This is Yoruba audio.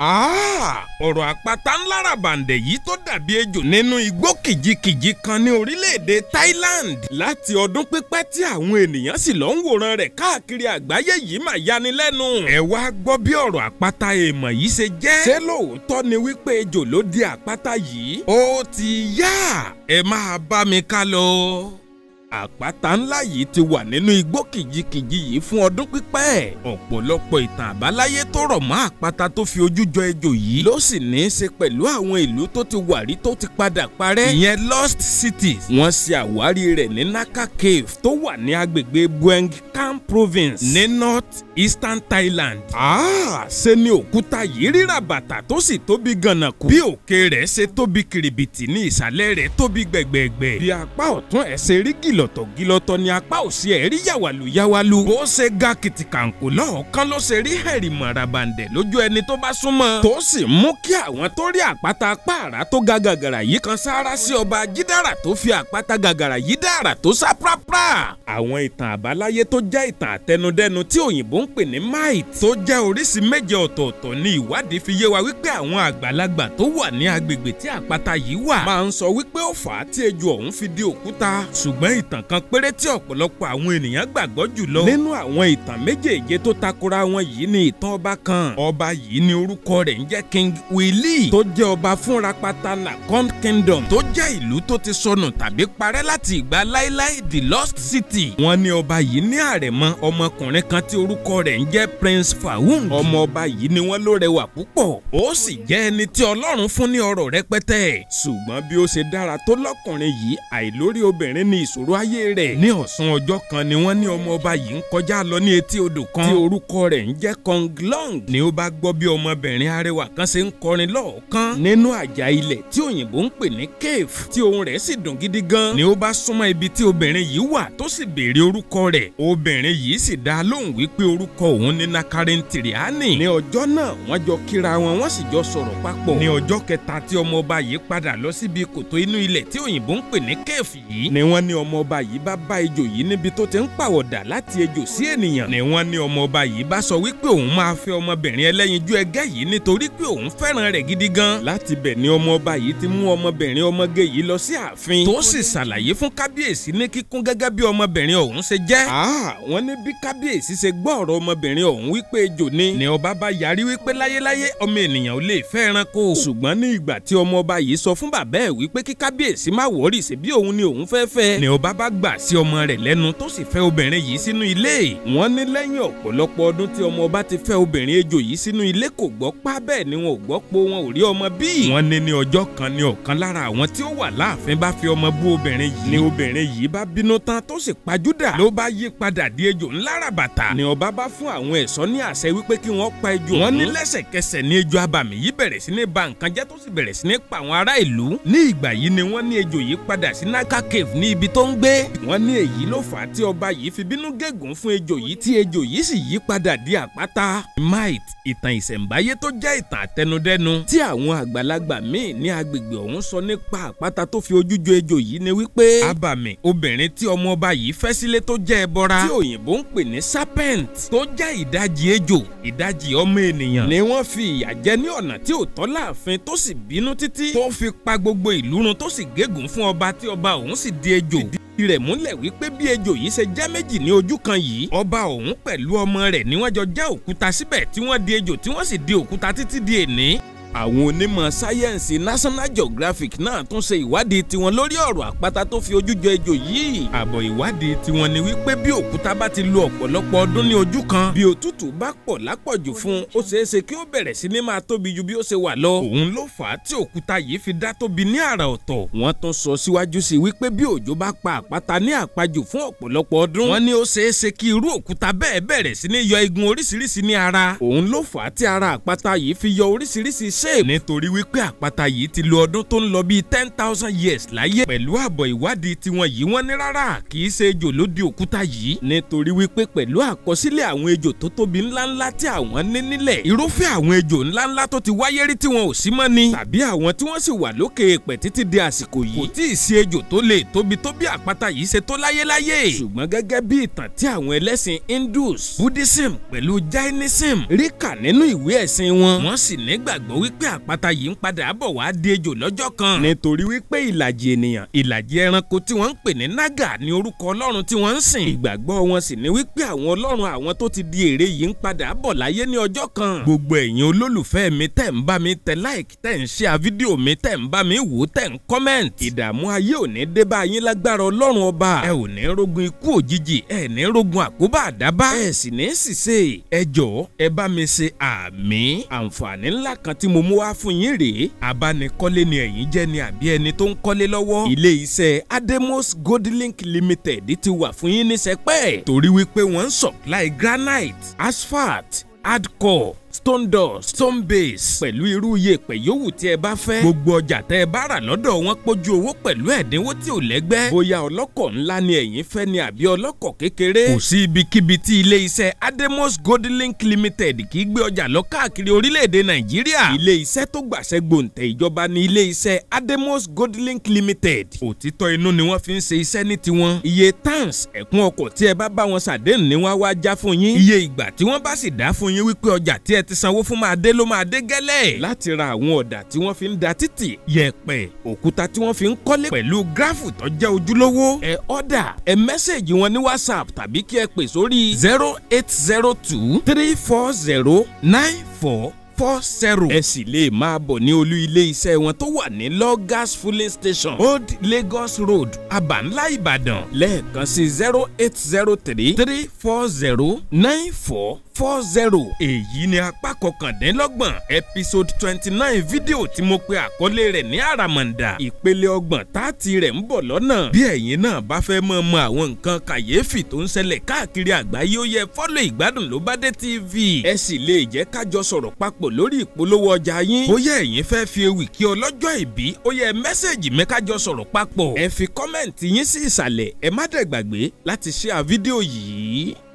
Ah, ọ̀rọ̀ àpáta ńlára bàǹdẹ̀ yìí tó dàbí ejò nínú igbó kìjikìji kan ní orílẹ̀-èdè Thailand láti ọdún pípẹ́ tí àwọn ènìyàn sì lọ ń wòran rẹ̀ káàkiri àgbáyé yìí mà yanilẹ́nu. ẹ wá gbọ́ bí ọ̀rọ̀ àpáta èèmọ̀ yìí ṣe jẹ́. ṣé lóòótọ́ ni wípé ejò ló di àpáta yìí? ó ti yá ẹ máa bá mi ká lọ àpáta ńlá yìí ti wà nínú igbó kìjikìji yìí fún ọdún pípẹ́ ọ̀pọ̀lọpọ̀ ìtàn àbáláyé tó rọ̀ mọ́ àpáta tó fi ojú jọ ejò yìí ló sì ní í ṣe pẹ̀lú àwọn ìlú tó ti wà rí tó ti padà parẹ́ ìyẹn lost cities wọ́n ṣe àwárí rẹ̀ ní Naka Cave tó wà ní agbègbè Bueng Kam province ní north eastern Thailand ah ṣe ni òkúta yìí rírà bàtà tó sì tóbi gànà kù bí òkè rẹ̀ ṣe tóbi kìrìbìtì ní ìsàlẹ̀ rẹ̀ tóbi gbẹ̀gbẹ̀gbẹ̀ bí apá ọ̀tún ẹ̀ ṣe rí kìl gílọ̀tọ̀ gílọ̀tọ̀ ni apá òsì ẹ̀ rí yàwàlù yàwàlù bó ṣe ga kìtìkàǹkò lọ́ọ̀kan ló ṣe rí hẹ̀rì mọ̀ràbàǹdẹ̀ lójú ẹni tó bá súnmọ́ tó sì mú kí àwọn tó rí àpáta pààrà tó ga gàgàrà yìí kan sáárá sí ọba jídára tó fi àpáta gàgàrà yìí dára tó sá pàápàá. àwọn ìtàn àbáláyé tó jẹ́ ìtàn àtẹnudẹ́nu tí òyìnbó ń pè ní mite tó jẹ́ oríṣi ìtàn kan péré tí ọ̀pọ̀lọpọ̀ àwọn ènìyàn gbàgbọ́ jùlọ. nínú àwọn ìtàn méjèèje tó takora wọn yìí ni ìtàn ọba kan ọba yìí ni orúkọ rẹ̀ ń jẹ́ King Willy tó jẹ́ ọba fún rapata Nakon Kingdom tó jẹ́ ìlú tó ti sọnù tàbí parẹ́ láti ìgbà láíláí the lost city. wọ́n ní ọba yìí ní àrẹ̀mọ ọmọkùnrin kan tí orúkọ rẹ̀ ń jẹ́ Prince Faoung ọmọ ọba yìí ni wọ́n ló púpọ̀ ó sì jẹ́ ẹni tí Ọlọ́run fún ní ọrọ̀ rẹpẹtẹ ṣùgbọ́n bí ó ṣe dára tó lọ́kùnrin yìí àìlórí obìnrin ni ìṣòro ayé rẹ̀ ní ọ̀sán ọjọ́ kan ni wọ́n ní ọmọ ọba yìí ń kọjá lọ ní etí odò kan tí orúkọ rẹ̀ ń jẹ́ konglong ni ó bá gbọ́ bí ọmọbìnrin arẹwà kan ṣe ń kọrin lọ́ọ̀kan nínú àjà ilẹ̀ tí òyìnbó ń pè ní cave tí ohùn rẹ̀ sì dùn gidi gan ni ó bá súnmọ́ ibi tí obìnrin yìí wà tó sì béèrè orúkọ rẹ̀ obìnrin yìí sì dá lóhùn wípé orúkọ òun ní nakarin tìrìánì ní ọjọ́ náà wọ́n jọ kíra wọn wọ́n sì jọ sọ̀rọ̀ papọ̀ ní ọjọ́ kẹta tí ọmọ ọba yìí padà lọ síbi kòtò inú ilẹ̀ tí òyìnbó ń pè ní cave yìí ni wọ́n ní ọmọ ọba yìí bá bá ejò yìí níbi tó ti ń pàwọ̀dà láti ejò sí ènìyàn ni wọ́n ní ọmọ ọba yìí bá sọ wípé òun máa fẹ́ ọmọbìnrin ẹlẹ́yinjú ẹgẹ́ yìí nítorí pé òun fẹ́ràn rẹ̀ gidi gan. láti bẹ̀ ni ọmọ ọba yìí ti mú ọmọbìnrin ọmọge yìí lọ sí ààfin tó sì ṣàlàyé fún kábíyèsí ní kíkún gẹ́gẹ́ bí ọmọbìnrin ọ̀hún ṣe jẹ́. wọ́n ní bí kábíyèsí ṣe gbọ́ ọ̀rọ̀ ọmọbìnrin ọ̀hún wípé ejò ni ni ọba bá yarí wípé láyéláyé ọmọ ènìyàn ò lè fẹ́ ẹranko. ṣùgbọ́n ní ìgbà tí ọmọ ọba yìí sọ fún bàbá ẹ̀ wípé kí kábíyèsí má wọ́ọ̀rì ṣe bí òun ni òun fẹ́ fẹ́ ni ọba bá gbà sí ọmọ rẹ̀ lẹ́nu tó sì fẹ́ obìnrin yìí sínú ilé wọ́n ní lẹ́yìn ọ̀pọ̀lọpọ̀ ọdún tí ọmọ ọba ti fẹ́ obìnrin ejò yìí sínú ilé kò gbọ́ pa bẹ́ẹ̀ ni wọn ò gbọ́ po wọn ò rí ọmọ bí. wọ́n ní ní ọjọ́ kan ní ọ̀kan lára àwọn tí ó wà láàfin bá fi ọmọ bú obìnrin yìí. ni obìnrin yìí bá bínú tán tó sì pajúdà ló bá yí padà di ejò ńlá ràbàtà. ni ọba bá fún àwọn ẹ̀ṣọ́ ní àṣẹ wípé kí wọ́n pa ejò. wọ́n ní lẹ́sẹ̀kẹsẹ̀ ni ejò abàmì yìí bẹ̀rẹ̀ sí ní ba nǹkan jẹ́ tó sì bẹ̀rẹ̀ sí ní pa àwọn ará ìlú. ní ìgbà Naka Cave ní ibi pé wọ́n ní èyí ló fà á tí ọba yìí fi bínú gégùn fún ejò yìí tí ejò yìí sì yí padà di àpáta. mite ìtàn ìṣẹ̀ǹbáyé tó jẹ́ ìtàn àtẹnudẹ́nu tí àwọn àgbàlagbà míì ní agbègbè ọ̀hún sọ nípa àpáta tó fi ojú jo ejò yìí ni wípé abàmì obìnrin tí ọmọ ọba yìí fẹ́ sílé tó jẹ́ ẹbọra tí òyìnbó ń pè ní serpent tó jẹ́ ìdajì ejò ìdajì ọmọ ènìyàn ni wọ́n fi ìyà jẹ ní ọ̀nà tí ò tọ́ láàfin tó sì bínú títí tó fi pa gbogbo ìlú run tó sì gégùn fún ọba tí ọba òun sì di ejò rẹ̀ múlẹ̀ wípé bí ejò yìí ṣe jẹ́ méjì ní ojú kan yìí ọba òun pẹ̀lú ọmọ rẹ̀ ni wọ́n jọ já òkúta síbẹ̀ tí wọ́n di ejò tí wọ́n sì di òkúta títí di èní àwọn onímọ̀ sáyẹ́ǹsì National Geographic náà tún ṣe ìwádìí tiwọn lórí ọ̀rọ̀ àpáta tó fi ojú jọ ejò yìí. àbọ̀ ìwádìí tiwọn ni wípé bí òkúta bá ti lo ọ̀pọ̀lọpọ̀ ọdún ní ojú kan bí òtútù bá pọ̀ lápọ̀jù fún ó ṣeé ṣe kí ó bẹ̀rẹ̀ sí ní máa tóbi ju bí ó ṣe wà lọ. òun ló fà á tí òkúta yìí fi dá tóbi ní àrà ọ̀tọ̀. wọ́n tún sọ síwájú sí wípé bí òjò bá pa àpáta ní àpajù fún ọ̀pọ̀lọpọ̀ ọdún. wọ́n ní ó ṣeé ṣe kí irú òkúta bẹ́ẹ̀ bẹ̀rẹ̀ sí ní yọ igun oríṣiríṣi ní ara. òun ló fà á tí ara àpáta yìí fi yọ oríṣiríṣi shape. nítorí wípé àpáta yìí ti lo ọdún tó ń lọ bíi ten thousand years láyé. pẹ̀lú àbọ̀ ìwádìí tiwọn yìí wọ́n ní rárá kì í ṣe ejò ló di òkúta yìí. nítorí wípé pẹ̀lú àkọsílẹ̀ àwọn ejò tó tóbi ńláńlá tí àwọn ní nílẹ̀. irúfẹ́ àwọn ejò ńláńlá tó ti wáyé rí tí wọn ò sí mọ́ ni. tàbí àwọn tí wọ́n sì wà lókè èèpẹ̀ títí di àsìkò yìí. kò tí ì sí ejò tó lè tóbi tó bí àpáta yìí ṣe tó láyéláyé. ṣùgbọ́n gẹ́gẹ́ bí ìtàn tí àwọn wípé àpáta yìí ń padà bọ̀ wá di ejò lọ́jọ́ kan. nítorí wípé ìlàjì ènìyàn ìlàjì ẹranko tí wọ́n ń pè ní nágà ni orúkọ ọlọ́run tí wọ́n ń sìn. ìgbàgbọ́ wọn sì ni wípé àwọn ọlọ́run àwọn tó ti di ère yìí ń padà bọ̀ láyé ní ọjọ́ kan. gbogbo ẹ̀yin olólùfẹ́ mi tẹ̀ ń bá mi tẹ̀ like tẹ̀ ń share fídíò mi tẹ̀ ń bá mi wò tẹ̀ ń comment. ìdààmú mo mú wá fún yín rèé abánikọ́lé ni ẹ̀yin jẹ́ ni àbí ẹni tó ń kọ́lé lọ́wọ́ ilé iṣẹ́ Ademos Goldlink Limited ti wà fún yín ní sẹpẹ́ torí wípé wọ́n ń supply granite asphalt hardcore stone dust stone base pẹ̀lú irú iye ìpè yòówù tí ẹ bá fẹ́ gbogbo ọjà tẹ́ ẹ bá rà lọ́dọ̀ wọn pójú owó pẹ̀lú ẹ̀dínwó tí ò lẹ́gbẹ́ bóyá ọlọ́kọ̀ ńlá ni ẹ̀yin fẹ́ ni àbí ọlọ́kọ̀ kékeré kò sí ibikíbi tí ilé iṣẹ́ Ademos Goldlink Limited kì í gbé ọjà lọ káàkiri orílẹ̀-èdè Nàìjíríà ilé iṣẹ́ tó gbàṣẹ gbòǹtẹ̀ ìjọba ni ilé iṣẹ́ Ademos Goldlink Limited òtítọ́ inú ni wọ́n fi ń ṣe iṣẹ́ ní tiwọn iye tans ẹ̀kún ọkọ̀ tí ẹ bá bá wọn ṣàdéhùn ni wọ́n wá já fún yín iye ìgbà tí wọ́n bá sì dá fún yín wípé ọjà tí ẹ ti sanwó fún máa dé ló máa dé gẹ́lẹ́ láti ra àwọn ọ̀dà tí wọ́n fi ń da títì yẹ̀pẹ̀ òkúta tí wọ́n fi ń kọ́lé pẹ̀lú gíráfù tó jẹ́ ojúlówó ẹ ọ̀dà ẹ mẹ́sẹ̀gì wọn ní whatsapp tàbí kí ẹ pè sórí zero eight zero two three four zero nine four four zero. ẹ sì lè máa bọ̀ ní olú ilé iṣẹ́ wọn tó wà ní lọ́gàs filling station old lagos road abanla ìbàdàn lẹ́ẹ̀kan sí zero eight zero three three four zero nine four four zero èyí ni apá kọkàndínlọ́gbọ̀n episode twenty nine fídíò tí mo pe àkọlé rẹ̀ ní àràmàǹdà ìpele ọgbọ̀n táàtì rẹ̀ ń bọ̀ lọ́nà bí ẹ̀yin náà bá fẹ́ mọ̀ mọ̀ àwọn nǹkan kàyéfì tó ń ṣẹlẹ̀ káàkiri àgbáyé ó yẹ fọ́lọ̀ ìgbádùn ló bá dé tv ẹ sì lè jẹ́ kájọ sọ̀rọ̀ papọ̀ kò lórí ìpolówó ọjà yín. bóyá ẹ̀yin fẹ́ fi ewì kí ọlọ́jọ́ ìbí ó yẹ mẹ́sẹ̀gì mi ká jọ sọ̀rọ̀ papọ̀. ẹ fi kọ́mẹ̀ntì yín sí ìsàlẹ̀ ẹ má dẹ̀ gbàgbé láti ṣíà fídíò yìí.